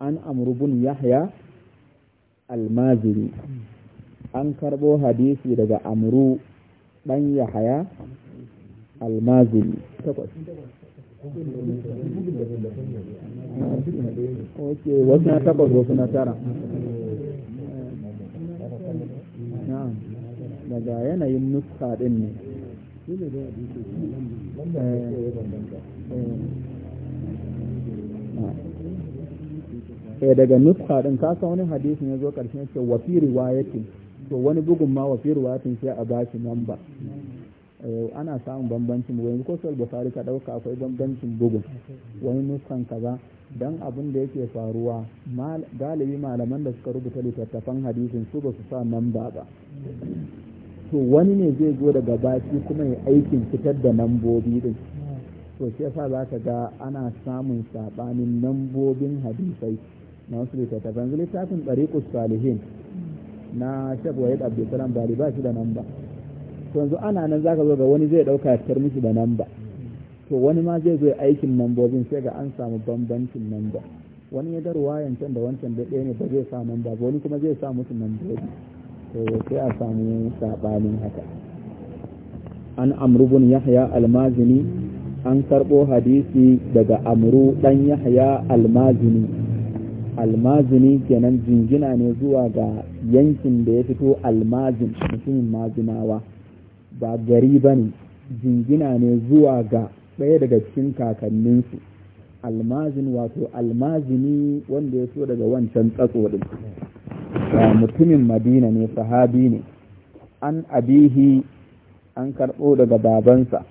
an bun yahya almaziri an karɓo hadisi daga amru ɗan yahya almaziri wasu na takwas wasu na tara daga yanayin nuska ɗin ne eh, eh. eh daga nuska din kasa wani hadisin ya zo karshen ce wa fi riwayatin to wani bugun ma wa riwayatin sai a ba shi namba eh, ana samun bambancin bugun ko sai bukhari ka dauka akwai bambancin bugun wani nuskan kaza dan abin da yake faruwa galibi malaman da suka rubuta littattafan hadisin su ba su sa namba ba to wani ne zai zo daga baki kuma ya aikin fitar da nambobi din to shi yasa za ka ga ana samun saɓanin nambobin hadisai na wasu littattafan yanzu littafin ɗariƙus salihin na shagwaye abdulsalam bali ba shi da nan ba to yanzu ana nan zaka zo ga wani zai ɗauka ya fitar mishi da nan ba to wani ma zai zo ya aikin nambobin sai ga an samu bambancin nan ba wani ya darwa yancan da wancan da ɗaya ne ba zai sa nan ba wani kuma zai sa musu nambobi to sai a samu saɓanin haka an bin yahya almazini an karɓo hadisi daga amru ɗan yahya almazini almazini kenan jingina ne zuwa ga yankin da ya fito almazin mutumin mazinawa ba gari ba ne jingina ne zuwa ga ɗaya daga cikin kakanninsu almazin wato almazini wanda ya so daga wancan tsatso ɗin mutumin madina ne sahabi ne an abihi an karɓo daga babansa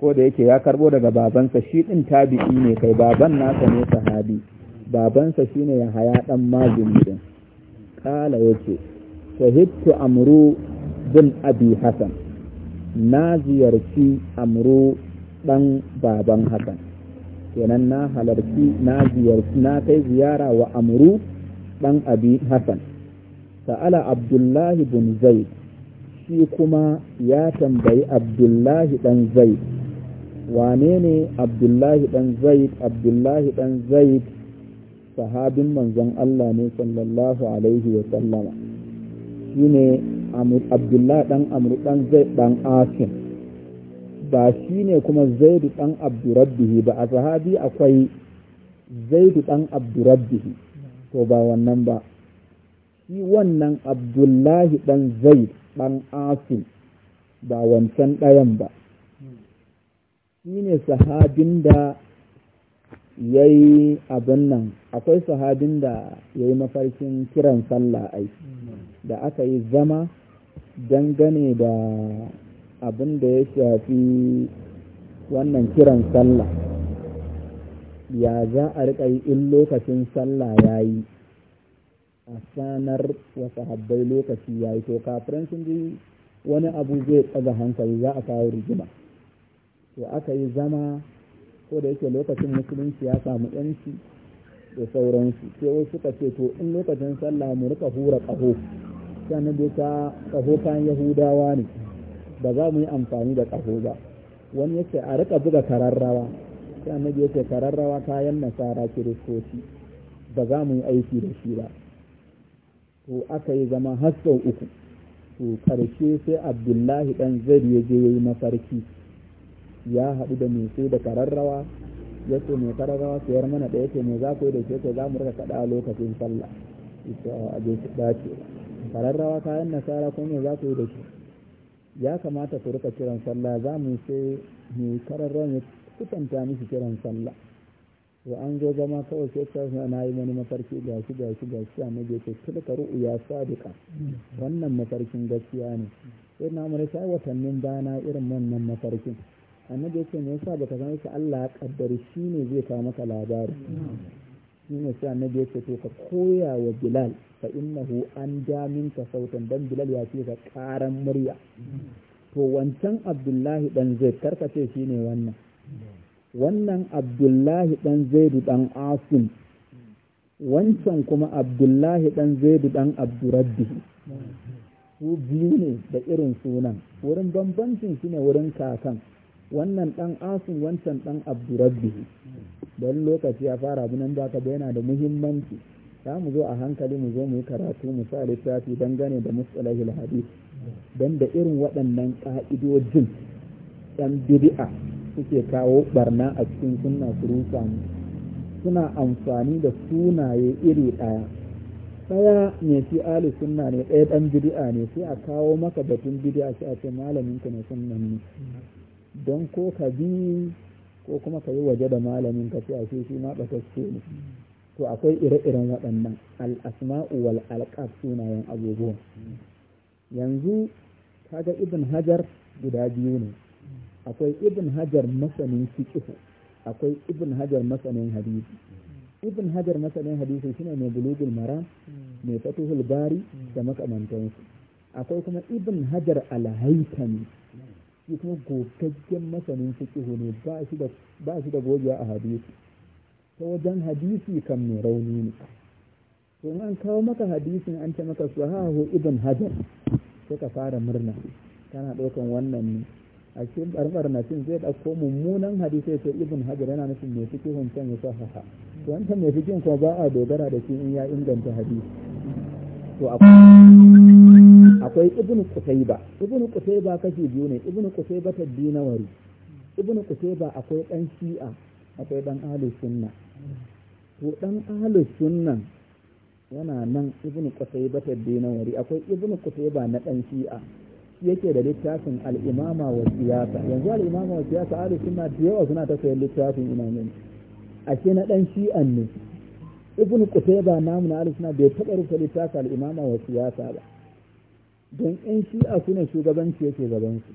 ko da yake ya karɓo daga babansa shi ɗin tabi'i ne kai baban nasa ne sahabi babansa shine ya haya ɗan mazin ƙala ya ce shahidtu amru bin abi hasan na ziyarci amru ɗan baban hasan kenan na halarci na ziyarci na kai ziyara wa amru ɗan abi hasan sa'ala abdullahi bin zaid shi kuma ya tambayi abdullahi ɗan zaid wane ne abdullahi ɗan zaid abdullahi ɗan zaid sahabin manzon Allah ne sallallahu alaihi wa sallama shine Abdullah dan Amr dan Zaid dan Asim ba shine kuma Zaid dan Abdurrabbihi ba a sahabi akwai Zaid dan Abdurrabbihi to ba wannan ba shi wannan Abdullahi dan Zaid dan Asim ba wancan ɗayan ba shine sahabin da ya yi abin nan akwai sahabin da ya yi mafarkin kiran sallah ai da aka yi zama dangane da abin da ya shafi wannan kiran sallah ya za a riƙa yi in lokacin sallah ya yi a sanar wasu habbai lokaci ya yi to kafin sun ji wani abu zai tsaga hankali za a kawo rigima to aka yi zama ko da yake lokacin musulunci ya samu yanci da sauransu sai wasu suka ce to in lokacin sallah mu rika hura kaho sannan dai ta ƙaho kan yahudawa ne ba za mu yi amfani da ƙaho ba wani ya a rika buga kararrawa sai na ya ce kararrawa kayan nasara kiristoci ba za mu yi aiki da shi ba to aka yi zama har sau uku to karshe sai abdullahi ɗan zari ya je ya yi mafarki ya haɗu da mai sai da kararrawa ya ce mai kararrawa sayar mana da yake mai za ku yi da ke za mu rika kaɗa lokacin sallah ita a bai su dace kararrawa kayan nasara ko me za ku yi da shi ya kamata ku rika kiran sallah za mu sai mai kararrawa ne kusanta mishi kiran sallah to an zo zama kawai sai ta na yi wani mafarki ga shi ga shi ga shi a nage ce tilka ya sadiƙa wannan mafarkin gaskiya ne sai na mu sai watannin bana irin wannan mafarkin annabi ce me yasa baka san shi Allah ya kaddari shi ne zai kawo maka labari shi ne sai annabi yace to ka koya wa Bilal fa innahu an da minka sautan dan Bilal ya ce ka karan murya to wancan Abdullahi dan Zaid karkace shi ne wannan wannan Abdullahi dan Zaidu dan Asim wancan kuma Abdullahi dan Zaidu dan Abdurrabbi, su biyu ne da irin sunan wurin bambancin shi ne wurin kakan wannan ɗan asin wancan ɗan abdurabbihi don lokaci ya fara nan ba ka yana da muhimmanci za mu zo a hankali mu zo mu yi karatu mu sa littafi gane da mustalahil hadith don da irin waɗannan ƙa'idojin ɗan bid'a suke kawo barna a cikin sunna surusa mu suna amfani da sunaye iri ɗaya ɗaya ne shi ali sunna ne ɗaya ɗan bid'a ne sai a kawo maka batun bid'a sai a ce malamin ka ne sunnan ne don ko ka bi ko kuma ka yi waje da malamin ka a shi ma ɓatacce ne to akwai ire-iren waɗannan al'asma'u wal alƙab sunayen abubuwa yanzu kaga ibn hajar guda biyu ne akwai ibn hajar masanin fiqh akwai ibn hajar masanin hadisi ibn hajar masanin hadisi shine mai bulugul mara mai fatuhul bari da makamantansu akwai kuma ibn hajar al shi kuma masanin fiqh ne ba shi da ba shi da gogewa a hadisi ta wajen hadisi kan mai rauni ne to an kawo maka hadisin an ce maka sahahu ibn hajar sai ka fara murna kana ɗaukan wannan ne a cikin cin zai ɗauko mummunan hadisai sai ibn hajar yana nufin mai fi can ya sahaha to wancan mai fi kuma ba a dogara da shi in ya inganta hadisi to akwai ibnu qutayba ibnu qutayba kashi biyu ne ibnu qutayba ta dinawari ibnu qutayba akwai dan shi'a akwai dan ahlus sunna to dan ahlus sunna yana nan ibnu qutayba ta wari, akwai ibnu qutayba na dan shi'a yake da littafin al'imama wa siyasa yanzu al'imama wa siyasa ahlus sunna da yawa suna ta sayan littafin imamin ashe na dan shi'an ne ibnu qutayba namu na ahlus sunna bai taɓa rubuta littafin al'imama wa siyasa ba don yan shi'a suna ne shugabanci yake gabansu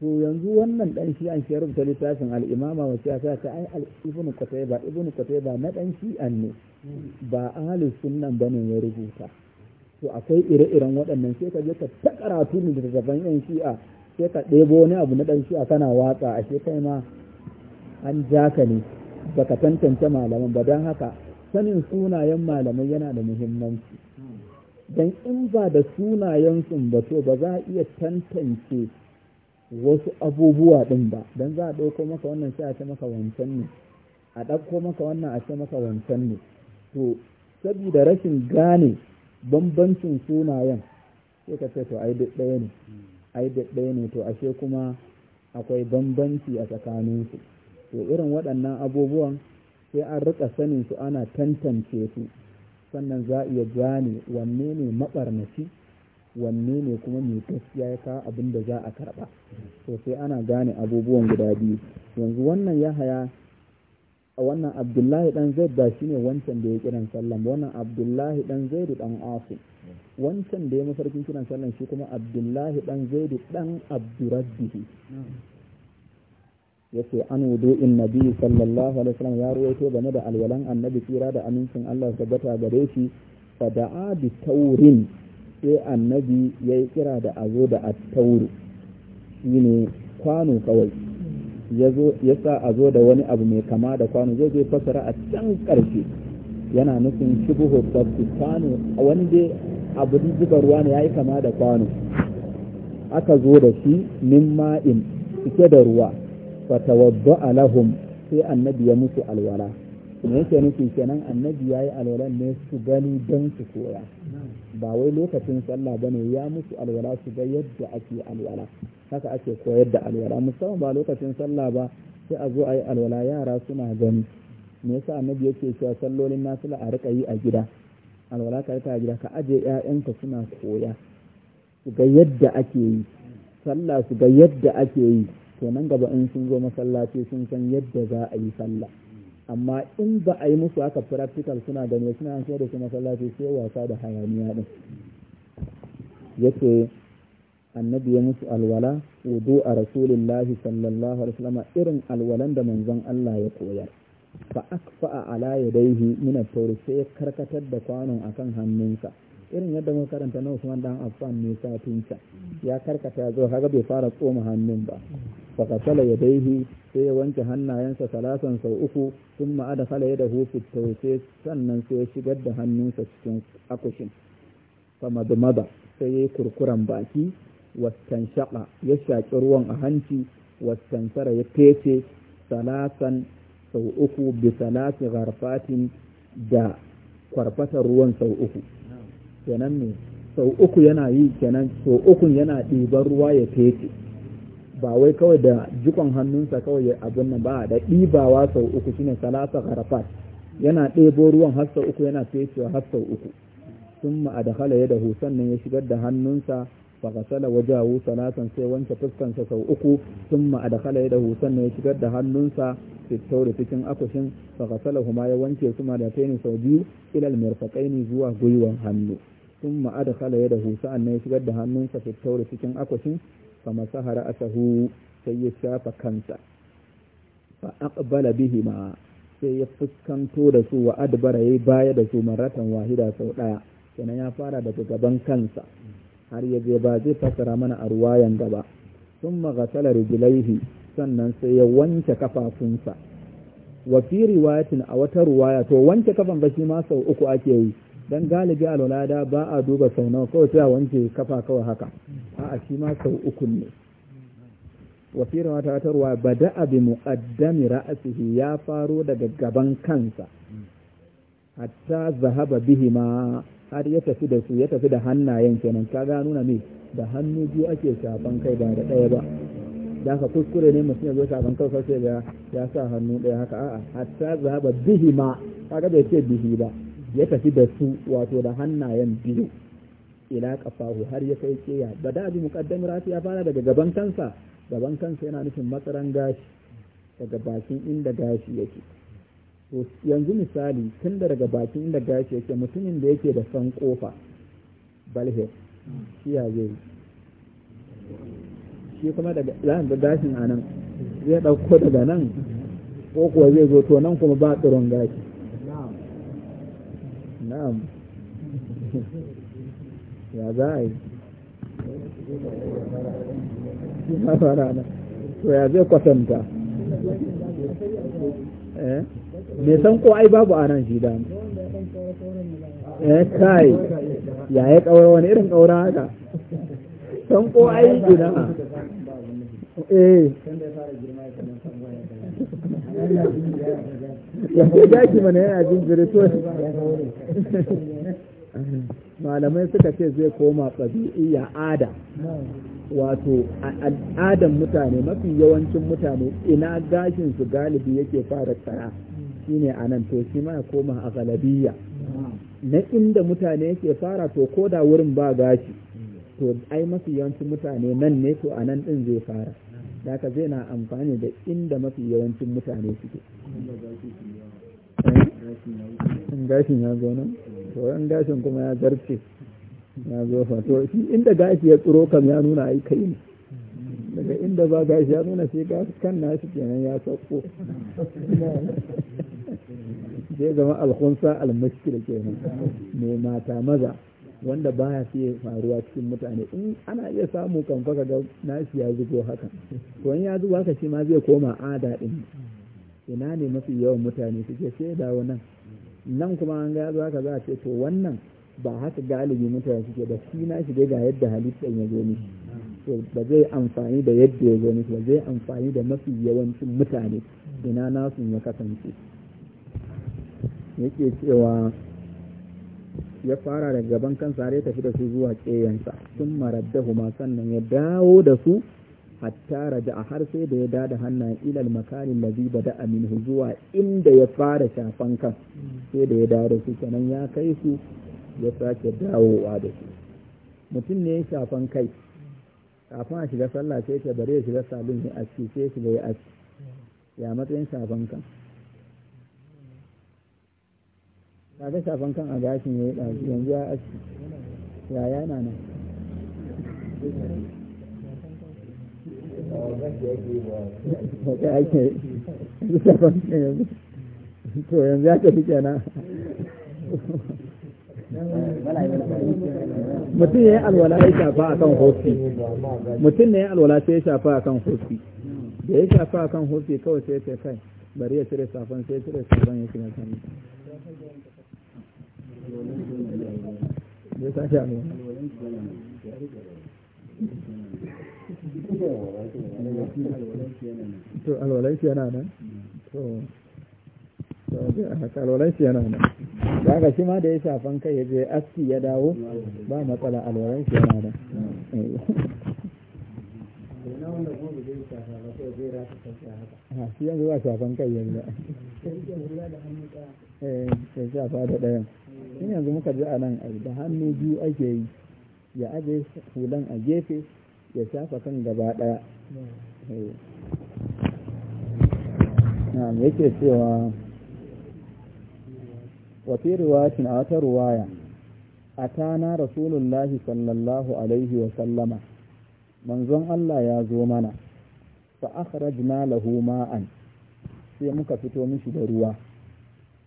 to yanzu wannan dan shi'an shi rubuta littafin al'imama wa siyasa ta ai ibnu qutayba ibnu qutayba na dan shi'an ne ba ahli sunnan bane ya rubuta to akwai ire-iren waɗannan sai ka je ka ta karatu ne da gaban yan shi'a sai ka ɗebo wani abu na dan shi'a kana watsa a kai ma an ja ka ne baka tantance malaman ba don haka sanin sunayen malamai yana da muhimmanci don in ba da sunayensu ba to ba za a iya tantance wasu abubuwa ɗin ba don za a ɗauko maka wannan sai a ce maka wancan ne a ɗauko maka wannan a ce maka wancan ne to saboda rashin gane bambancin sunayen sai ka ce to ai duk ne ai duk ne to ashe kuma akwai bambanci a tsakaninsu to irin waɗannan abubuwan sai an riƙa sanin su ana tantance su sannan za a iya gane wanne ne maɓarnaci wanne ne kuma mai gaskiya ya kawo abin da za a karɓa sosai ana gane abubuwan guda biyu yanzu wannan ya haya a wannan abdullahi dan da ba shine wancan da ya kiran sallan wannan abdullahi dan da dan asim wancan da ya mafarkin kiran sallan shi kuma abdullahi dan da dan abdurabbihi yace an in nabi sallallahu alaihi wasallam ya ruwaito game da alwalan annabi tsira da amincin Allah tabbata gare shi fa da'a bi taurin sai annabi yi kira da azo da at shine kwano kawai ya sa azo da wani abu mai kama da kwano zai zai fasara a can karfe yana nufin shubuhu tsabti kwano wani dai abu zuba ruwa ne ya yi kama da kwano aka zo da shi min ma'in cike da ruwa fatawadda'a alahum sai annabi ya musu alwala ne yake nufi kenan annabi yayi alwala ne su gani don su koya ba wai lokacin sallah bane ya musu alwala su ga yadda ake alwala haka ake koyar da alwala musamman ba lokacin sallah ba sai a zo a yi alwala yara suna gani me yasa annabi yake cewa sallolin nasila a rika yi a gida alwala ka rika gida ka aje ƴaƴanka suna koya su ga yadda ake yi sallah su ga yadda ake yi to nan gaba in sun zo masallaci sun san yadda za a yi sallah amma in ba a yi musu haka practical suna da ne suna an da su masallaci sai wasa da hayaniya din yace annabi ya musu alwala wudu a rasulullahi sallallahu alaihi wasallam irin alwalan da manzon Allah ya koyar fa akfa ala yadayhi min at-tawr sai karkatar da kwanon akan hannunsa irin yadda mun karanta na Usman dan Affan ne satinsa ya karkata zo kaga bai fara tsoma hannun ba fakasala ya yadaihi sai ya wanke hannayensa salasan sau uku sun ma'ada kala ya dahu fitauce sannan sai ya shigar da hannunsa cikin akushin fama dumaba sai ya yi kurkuran baki wasan shaƙa ya shaƙi ruwan a hanci wasan sara ya fece salasan sau uku bi salasi garfatin da kwarfatar ruwan sau uku kenan ne sau uku yana yi kenan sau ukun yana ɗiban ruwa ya fece ba wai kawai da jikon hannunsa kawai abin nan ba da ɗibawa sau uku shine salasa harafat yana ɗebo ruwan har sau uku yana fecewa har sau uku sun ma'adakala ya dahu sannan ya shigar da hannunsa faghasala wajahu salatan sai wanke fuskansa sau uku thumma adkhala yadahu sannan ya shigar da hannunsa fi tauri cikin akushin faghasala huma ya wanke su madataini sau biyu ila almirfaqaini zuwa gwiwan hannu thumma adkhala yadahu sannan ya shigar da hannunsa fi tauri cikin akushin a sahu sai ya shafa kansa fa aqbala bihima sai ya fuskanto da su wa adbara yayi baya da su maratan wahida sau daya kenan ya fara daga gaban kansa har ya je ba zai fassara mana a ruwayan gaba sun magasala rijilaihi sannan sai ya wanke kafafunsa wa fi riwayatin a wata ruwaya to wanke kafan ba shi ma sau uku ake yi dan galibi a alwalada ba a duba sau nawa kawai sai a wanke kafa kawai haka a'a shi ma sau uku ne wa fi riwayata ruwaya ba da abin muqaddami ra'asihi ya faro daga gaban kansa hatta zahaba bihi ma har ya tafi da su ya tafi da hannayen kenan ka ga nuna me da hannu biyu ake shafan kai ba da ɗaya ba da ka kuskure ne mutum ya zo shafan kai sai ga ya sa hannu ɗaya haka a'a hatta zaba bihi ma ga bai ce bihi ba ya tafi da su wato da hannayen biyu ila kafahu har ya kai keya bada bi muqaddam rafi ya fara daga gaban kansa gaban kansa yana nufin matsaran gashi daga bakin inda gashi yake to yanzu misali tun da daga bakin inda gashi yake mutumin da yake da san kofa balhe shi ya zai shi kuma daga zan da gashin a nan zai ɗauko daga nan ko kuwa zai zo to nan kuma ba tsoron gashi na'am ya za a yi to ya zai kwatanta eh Mai san ko ai babu anan shi da ya eh, kai ya ya kawar wani irin kawara haka san ko ai gina eh ya ko daki mana yana jin jirito malamai suka ce zai koma iya ada wato al'adan mutane mafi yawancin mutane ina gashin su galibi yake fara tsara shi ne a nan to shi ma ya koma a galabiya na inda mutane yake fara to ko da wurin ba gashi to ai mafi yawancin mutane nan ne to a nan din zai fara daga zai na amfani da inda mafi yawancin mutane suke in eh? gashin ya zo nan to in gashin kuma ya zarce ya zo fa to shi inda gashi ya tsiro kam ya nuna ai kai ne daga inda ba gashi ya nuna sai ga kan nashi kenan ya sauko zai zama alkhunsa almashkil kenan mai mata maza wanda ba ya fiye faruwa cikin mutane in ana iya samu kan faka ga nashi ya zubo haka to in ya zubo haka shi ma zai koma ada din ina ne mafi yawan mutane suke da wannan nan kuma an ga haka za a ce to wannan ba haka galibi mutane suke ba shi na shi ga yadda halittar ya zo mishi to ba zai amfani da yadda ya gani ba zai amfani da mafi yawancin mutane ina nasu ya kasance yake cewa ya fara daga gaban kansa har ya tafi da su zuwa ƙeyansa sun ma sannan ya dawo da su hatta raja har sai da ya dada hannu ilal makarin lazi bada aminu zuwa inda ya fara shafan kan sai da ya dawo da su kenan ya kai su ya sake dawowa da su mutum ne ya shafan kai kafin a shiga sallah sai ta bari ya shiga salon ya aski sai shiga ya aski ya matsayin shafan kan kaga shafan kan a gashin ya yi ɗazu yanzu ya aski ya yana nan to yanzu ya tafi kenan mutum ya yi alwala ya shafa a kan hosi mutum ne ya alwala sai ya shafa a kan hosi da ya shafa a kan hosi kawai sai ya kai bari ya cire safon sai ya cire safon ya shiga kan to alwalanci yana nan to alwalanci yana nan kaga shi ma da ya shafan kai ya je aski ya dawo ba matsala alwaran shi yana da eh. shi yanzu ba shafan kai yanzu eh, ya shafa da ɗayan shi yanzu muka ji a nan da hannu biyu ake yi ya aje hulan a gefe ya shafa kan gaba ɗaya eh. yake cewa wa fi riwayatin a wata ruwaya atana rasulullahi sallallahu alaihi wa sallama manzon Allah ya zo mana fa akhrajna lahu ma'an sai muka fito mishi da ruwa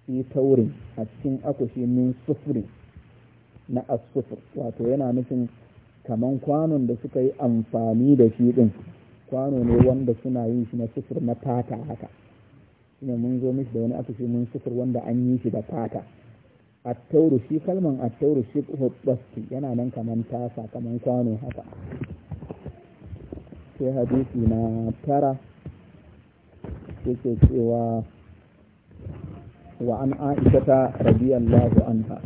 fi taurin a cikin akushi min sufuri na asufur wato yana nufin kaman kwanon da suka yi amfani da shi ɗin, kwano ne wanda suna yin shi na sufur na fata haka shine mun zo mishi da wani aka mun sufur wanda an yi shi da fata attauru shi kalman attauru shi hubbasti yana nan kaman tasa kaman kwano haka sai hadisi na tara yake cewa wa an aishata radiyallahu anha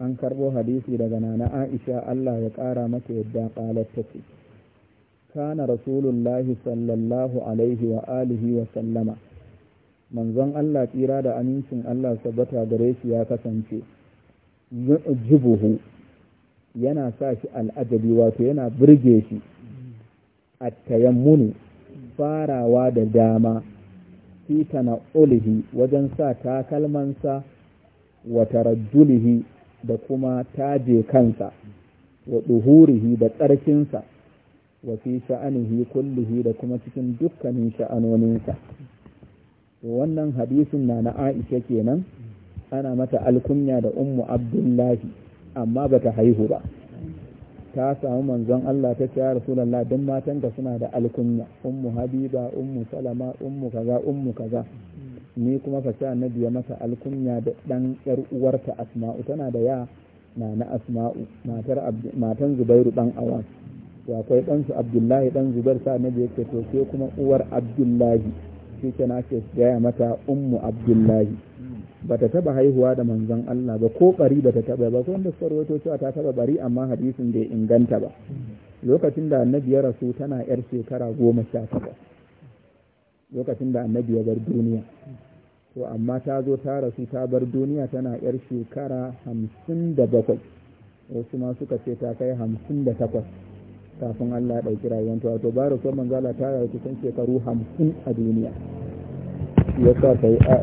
an karbo hadisi daga nana aisha Allah ya ƙara mata yadda ƙalar ta ce kana rasulullahi sallallahu alaihi wa alihi wa sallama manzon Allah tsira da amincin Allah sabbata gare shi ya kasance zubuhu yana sa shi al'ajabi wato yana burge shi a farawa da dama fi ulihi wajen sa takalmansa wa tarajjulihi da kuma taje kansa wa duhurihi da tsarkinsa wa fi sha'anihi kullihi da kuma cikin dukkanin sha'anoninsa wannan hadisin na na Aisha kenan ana mata alkunya da ummu Abdullahi amma bata haihu ba ta samu manzon Allah ta ce ya Rasulullah duk matanka suna da alkunya ummu Habiba ummu Salama ummu kaza ummu kaza ni kuma fa sai annabi ya mata alkunya da dan yar uwarta Asma'u tana da ya na na Asma'u matar matan Zubairu dan wa kai dan ɗansu Abdullahi dan Zubair sa annabi yake to sai kuma uwar Abdullahi shi ke na ake gaya mata ummu abdullahi ba ta taba haihuwa da manzon Allah ba ko bari bata taba ba ko wanda suka cewa ta taba bari amma hadisin bai inganta ba lokacin da annabi ya rasu tana yar shekara goma sha takwas lokacin da annabi ya bar duniya to amma ta zo ta rasu ta bar duniya tana yar shekara hamsin da bakwai wasu ma suka ce ta kai hamsin da takwas kafin Allah ɗauki rayuwanta wato ba son kuma manzala ta rayu kusan shekaru hamsin a duniya ya sa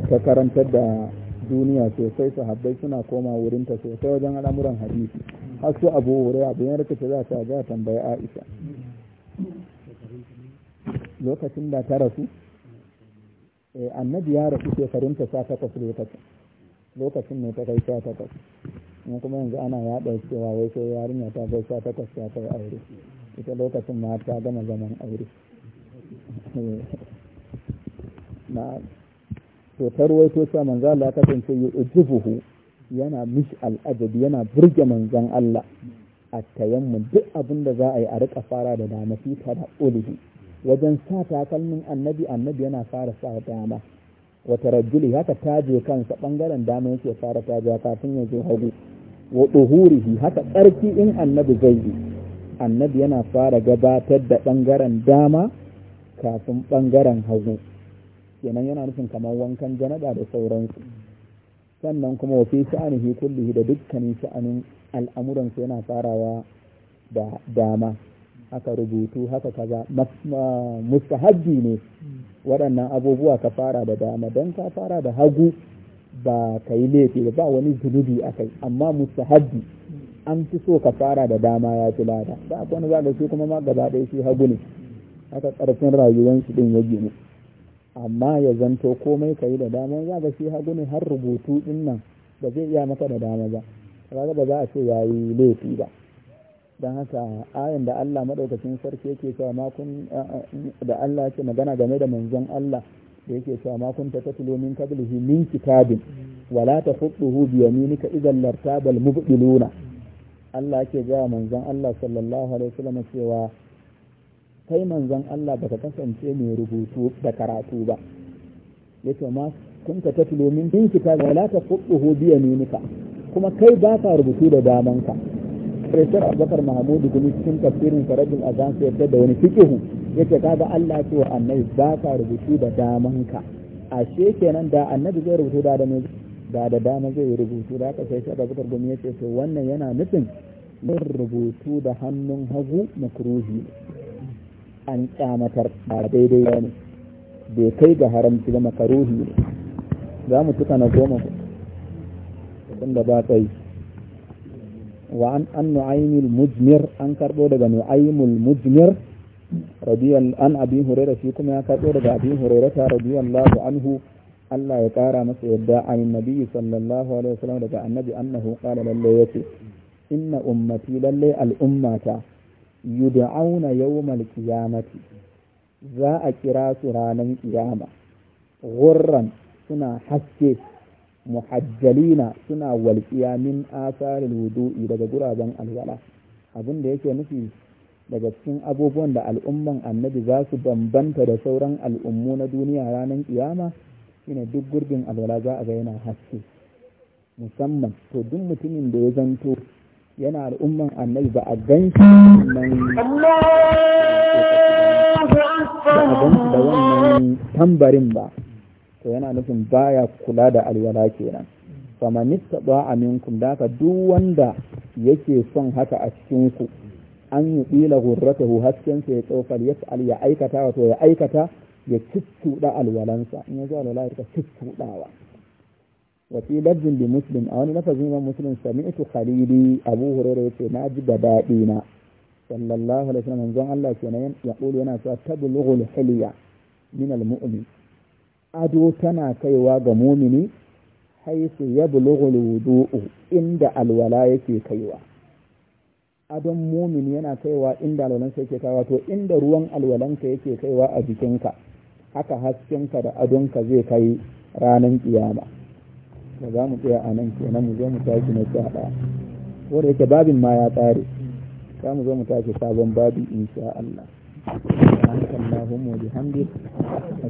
ta karantar da duniya sosai su Habbai suna koma wurinta sosai wajen al'amuran hadisi har su abu wuri abu yan rikice za ta ga tambayi aisha lokacin da ta rasu eh, annabi ya rasu shekarun ta sa takwas lokacin lokacin ne ta kai sa takwas kuma yanzu ana yaɗa cewa wai sai yarinya ta kai sa takwas ta kai aure ita lokacin ma ta gama zaman aure na to ta ruwaito cewa manzo Allah ya kasance ujubuhu yana mishi al'ajabi yana burge manzon Allah a tayammun duk abin da za a yi a rika fara da dama fi tada'ulihi wajen sa takalmin annabi annabi yana fara sa dama wata rajuli haka ta je kansa bangaren dama yake fara taje kafin ya zo hagu wa haka tsarki in annabi zai yi annabi yana fara gabatar da ɓangaren dama kafin ɓangaren hagu kenan yana nufin kamar wankan janaba da sauransu sannan kuma wafi fi sha'anihi kullihi da dukkanin sha'anin al'amuransu yana farawa da dama Aka rubutu haka kaza mustahabbi ne waɗannan abubuwa ka fara da dama don ka fara da hagu ba ka yi laifi ba wani zunubi a kai amma mustahabbi an fi so ka fara da dama ya fi lada ba a wani zaga shi kuma ma gaba ɗaya shi hagu ne haka ƙarfin rayuwar ɗin ya gini amma ya zanto komai ka yi da dama zaga shi hagu ne har rubutu ɗin nan ba zai iya maka da dama ba kaga ba za a ce ya yi laifi ba don haka ayin da Allah maɗaukacin sarki yake cewa makon da Allah ke magana game da manzon Allah da yake cewa makon ta tatilo min qablihi min kitabin wala tafutuhu bi yaminika idan lartabal mubtiluna Allah ke gaya manzon Allah sallallahu alaihi wasallam cewa kai manzon Allah baka kasance mai rubutu da karatu ba yace ma kunta tatlu min kitab wa la taqutuhu bi yaminika kuma kai ba ka rubutu da damanka Profesor Abubakar Mahmudu kuma cikin tafsirin Farajin Azan sai yadda da wani fikihu yace kaga Allah ce wa annabi ba ka rubutu da damanka ashe kenan da annabi zai rubuta da da mai ba da dama zai yi rubutu da aka sai shi bukar gumi ya ce to wannan yana nufin yin rubutu da hannun hagu makruhi an kyamatar a daidai ba ne bai kai ga haramci da makaruhi ne za mu tuka na goma da ba tsayi wa an an nu'aymil mujmir an karbo daga nu'aymul mujmir radiyallahu an abi hurairah shi kuma ya karbo daga abi hurairah radiyallahu anhu Allah ya ƙara masa yadda an nabi sallallahu alaihi wasallam daga annabi annahu qala lalle yace inna ummati lalle al'ummata yud'auna yawmal qiyamati za a kira su ranar kiyama ghurran suna haske muhajjalina suna walƙiya min asaril wudu'i daga guraben alwala abin da yake nufi daga cikin abubuwan da al'umman annabi za su bambanta da sauran al'ummu na duniya ranar kiyama shine duk gurbin alwala za a ga yana haske musamman to duk mutumin da ya zanto yana al'umman annabi ba a gan shi nan da wannan tambarin ba to yana nufin baya kula da alwala kenan ba a aminkum da haka duk wanda yake son haka a cikinku an yi ƙila gurratahu hasken sa ya tsofar ya ya aikata wato ya aikata ya ciccuɗa alwalansa in ya zo alwala ya rika ciccuɗawa wa fi lafzin li muslim a wani lafazin imam muslim sami'tu khalili abu hurairah yace na ji da daɗi na sallallahu alaihi wasallam manzon Allah kenan ya ƙulu yana cewa tablughul hilya min almu'min ado tana kaiwa ga mumini haisu yablughul wudu'u inda alwala yake kaiwa adon mumin yana kaiwa inda alwalansa yake kaiwa to inda ruwan alwalanka yake kaiwa a jikinka haka ka da adonka zai kai ranar kiyama ba za mu tsaya a nan kenan mu zo mu tashi na sha ɗaya ko da yake babin ma ya tsare za mu zo mu tashi sabon babi insha Allah سبحانك اللهم وبحمدك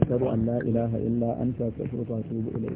أشهد أن لا إله إلا أنت أستغفرك وأتوب إليك